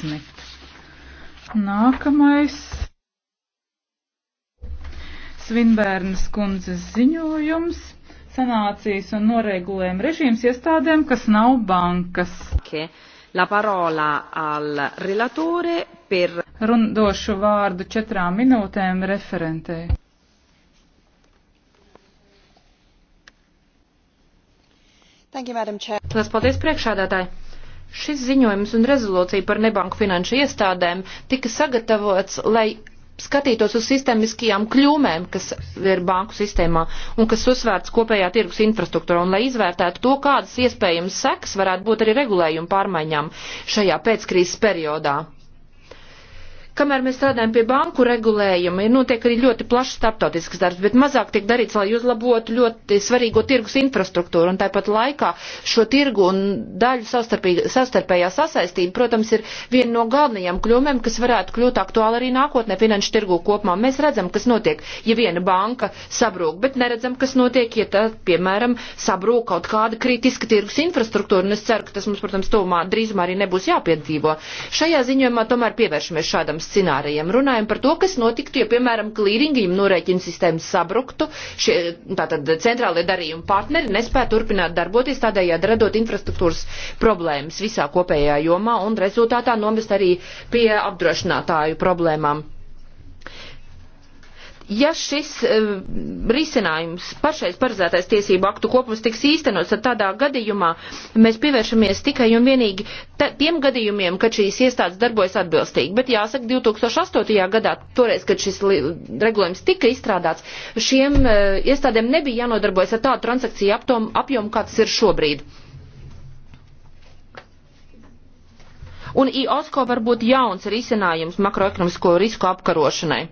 15. Nākamais Svinbērnas kundzes ziņojums - sanācijas un noregulējuma režīms iestādēm, kas nav bankas. Okay. La parola al relatore per. Rundošu vārdu četrām minūtēm referentei. Thank you, Madam Chair. Lielas paldies priekšādātāji! Šis ziņojums un rezolūcija par nebanku finanšu iestādēm tika sagatavots, lai skatītos uz sistemiskajām kļūmēm, kas ir banku sistēmā un kas uzsvērts kopējā tirgus infrastruktūra, un lai izvērtētu to, kādas iespējams seks varētu būt arī regulējuma pārmaiņām šajā pēckrīzes periodā. Kamēr mēs strādājam pie banku regulējuma, ir notiek arī ļoti plašs starptautisks darbs, bet mazāk tiek darīts, lai uzlabotu ļoti svarīgo tirgus infrastruktūru. Un tāpat laikā šo tirgu un daļu sastarpējā sasaistība, protams, ir viena no galvenajām kļūmēm, kas varētu kļūt aktuāli arī nākotnē finanšu tirgu kopumā. Mēs redzam, kas notiek, ja viena banka sabrūk, bet neredzam, kas notiek, ja tā, piemēram, sabrūk kaut kāda kritiska tirgus infrastruktūra. Un es ceru, ka tas mums, protams, tuvumā drīzumā arī nebūs jāpiedzīvo. Šajā ziņojumā tomēr pievēršamies šādam scenārijiem. Runājam par to, kas notiktu, ja, piemēram, klīringiem norēķina sistēmas sabruktu, šie tātad centrālie darījuma partneri nespēja turpināt darboties, tādējādi radot infrastruktūras problēmas visā kopējā jomā un rezultātā novest arī pie apdrošinātāju problēmām ja šis uh, risinājums pašais paredzētais tiesību aktu kopums tiks īstenots, tad tādā gadījumā mēs pievēršamies tikai un vienīgi tiem gadījumiem, kad šīs iestādes darbojas atbilstīgi. Bet jāsaka, 2008. gadā, toreiz, kad šis regulējums tika izstrādāts, šiem uh, iestādēm nebija jānodarbojas ar tādu transakciju aptom, apjomu, kāds ir šobrīd. Un IOSCO var būt jauns risinājums makroekonomisko risku apkarošanai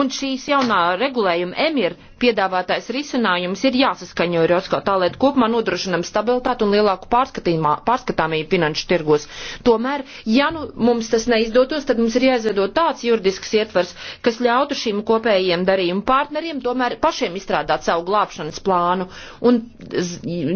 Un šīs jaunā regulējuma emir Piedāvātais risinājums ir jāsaskaņo ar Josko tā, lai kopumā nodrošinam stabilitātu un lielāku pārskatāmību finanšu tirgos. Tomēr, ja nu mums tas neizdotos, tad mums ir jāizveido tāds juridisks ietvers, kas ļautu šīm kopējiem darījumu partneriem tomēr pašiem izstrādāt savu glābšanas plānu un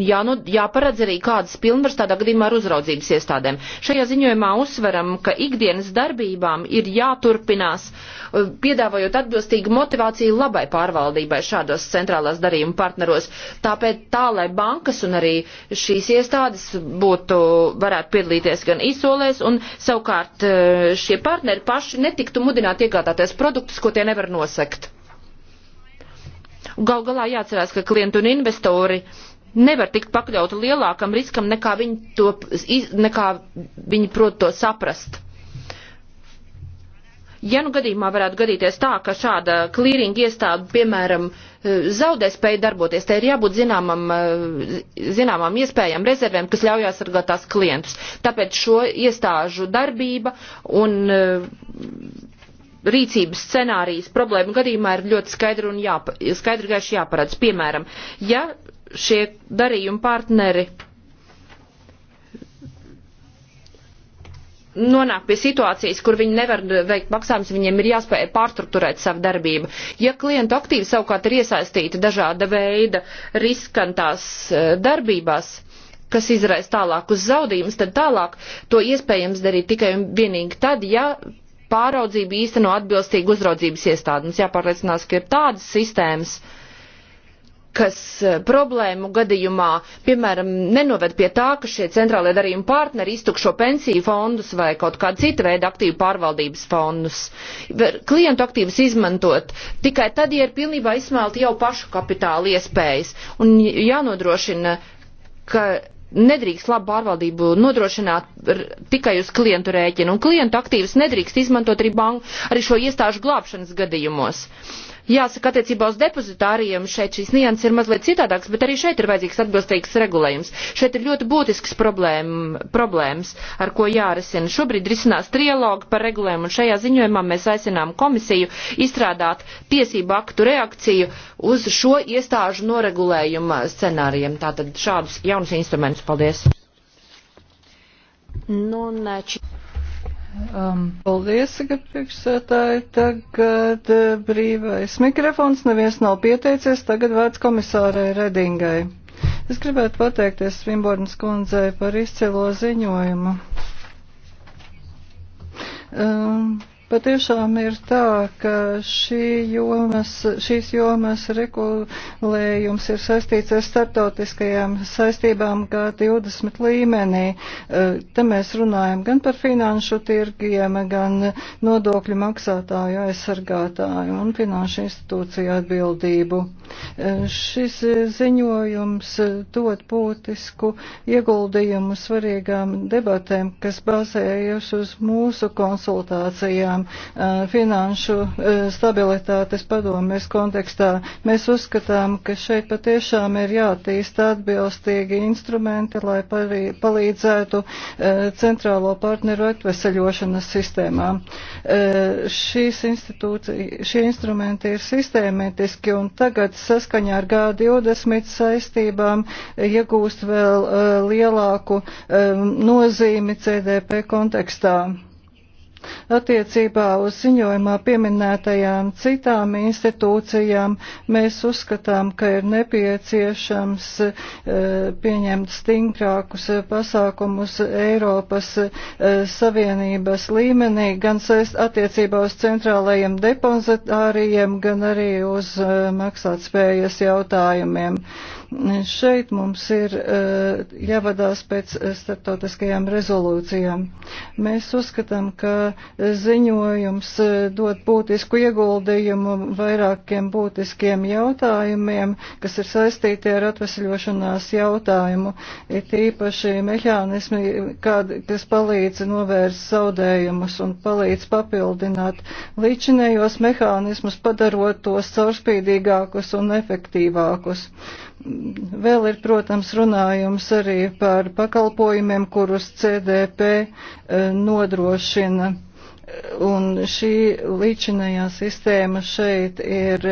jā, nu, jāparedz arī kādas pilnvaras tādā gadījumā ar uzraudzības iestādēm. Šajā ziņojumā uzsveram, ka ikdienas darbībām ir jāturpinās, uh, piedāvājot atbilstīgu motivāciju labai pārvaldībai šādos centrālās darījuma partneros. Tāpēc tā, lai bankas un arī šīs iestādes būtu, varētu piedalīties gan izsolēs un savukārt e, šie partneri paši netiktu mudināti iegādāties produktus, ko tie nevar nosekt. Gal galā jāatcerās, ka klienti un investori nevar tikt pakļauti lielākam riskam, nekā viņi, to, nekā viņi prot to saprast. Ja nu gadījumā varētu gadīties tā, ka šāda klīringa iestāde, piemēram, e, zaudē spēju darboties, tai ir jābūt zināmam, e, zināmām iespējām, rezervēm, kas ļauj aizsargāt tās klientus. Tāpēc šo iestāžu darbība un e, rīcības scenārijas problēmu gadījumā ir ļoti skaidri un jāpa, skaidri gaiši jāparedz. Piemēram, ja šie darījuma partneri nonāk pie situācijas, kur viņi nevar veikt maksājumus, viņiem ir jāspēj pārstrukturēt savu darbību. Ja klienta aktīvi savukārt ir iesaistīti dažāda veida riskantās e, darbībās, kas izraisa tālākus zaudījumus, tad tālāk to iespējams darīt tikai un vienīgi tad, ja pāraudzību īsteno atbilstīgi uzraudzības iestādi. Mums jāpārliecinās, ka ir tādas sistēmas, uh, kas e, problēmu gadījumā, piemēram, nenoved pie tā, ka šie centrālie darījuma partneri iztukšo pensiju fondus vai kaut kādu citu veidu aktīvu pārvaldības fondus. Klientu aktīvas izmantot tikai tad, ja ir pilnībā izsmelti jau pašu kapitāla iespējas un jānodrošina, ka nedrīkst labu pārvaldību nodrošināt tikai uz klientu rēķinu, un klientu aktīvas nedrīkst izmantot arī banku, arī šo iestāžu glābšanas gadījumos. Jāsaka, attiecībā uz depozitāriem šeit šīs nianses ir mazliet citādāks, bet arī šeit ir vajadzīgs atbilstīgs regulējums. Šeit ir ļoti būtisks problēma, problēmas, ar ko jārisina. Šobrīd risinās trialogi par regulējumu, un šajā ziņojumā mēs aicinām komisiju izstrādāt tiesību aktu reakciju uz šo iestāžu noregulējuma scenārijiem. Tātad šādus jaunus instrumentus. Paldies! Non, nu, um, paldies, tagad priekšsētāji. Tagad uh, brīvais mikrofons, neviens nav pieteicies, tagad vārds komisārai Redingai. Es gribētu pateikties Svimbornas kundzei par izcilo ziņojumu. Um, Patiešām ir tā, ka šī jomas, šīs jomas regulējums ir saistīts ar starptautiskajām saistībām G20 līmenī. E, te mēs runājam gan par finanšu tirgiem, gan nodokļu maksātāju aizsargātāju un finanšu institūciju atbildību. E, šis ziņojums dod būtisku ieguldījumu svarīgām debatēm, kas bāzējas uz mūsu konsultācijām sarunām finanšu stabilitātes padomes kontekstā. Mēs uzskatām, ka šeit patiešām ir jātīsta atbilstīgi instrumenti, lai palīdzētu centrālo partneru atveseļošanas sistēmām. Šīs šie instrumenti ir sistēmētiski un tagad saskaņā ar G20 saistībām iegūst vēl lielāku nozīmi CDP kontekstā. Attiecībā uz ziņojumā pieminētajām citām institūcijām mēs uzskatām, ka ir nepieciešams eh, pieņemt stingrākus eh, pasākumus Eiropas eh, Savienības līmenī, gan attiecībā uz centrālajiem depozitāriem, gan arī uz maksātspējas jautājumiem. Šeit mums ir eh, jāvadās pēc eh, starptautiskajām rezolūcijām. Mēs uzskatām, ka eh, ziņojums dod būtisku ieguldījumu vairākiem būtiskiem jautājumiem, kas ir saistīti ar atvesļošanās jautājumu. Ir īpaši mehānismi, kād, kas palīdz novērst zaudējumus un palīdz papildināt līdzinējos mehānismus, padarot tos caurspīdīgākus un efektīvākus Vēl ir, protams, runājums arī par pakalpojumiem, kurus CDP eh, nodrošina. Un šī līdzinējā sistēma šeit ir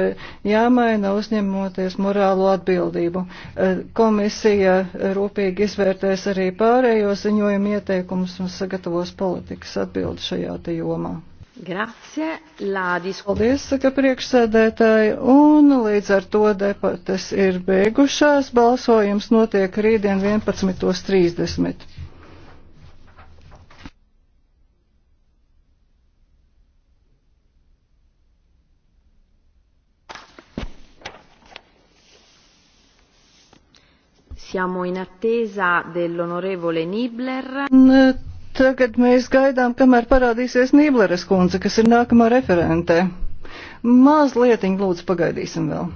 jāmaina uzņemoties morālo atbildību. Eh, komisija rūpīgi izvērtēs arī pārējo ziņojumu ieteikumus un sagatavos politikas atbildi šajā te jomā. Grazie, Lādis. Paldies, saka priekšsēdētāji, un līdz ar to debates ir beigušās. Balsojums notiek rītdien 11.30. Siamo in attesa dell'onorevole Nibler. N Tagad mēs gaidām, kamēr parādīsies Nībleres kundze, kas ir nākamā referente. Mazlietiņ lūdzu pagaidīsim vēl.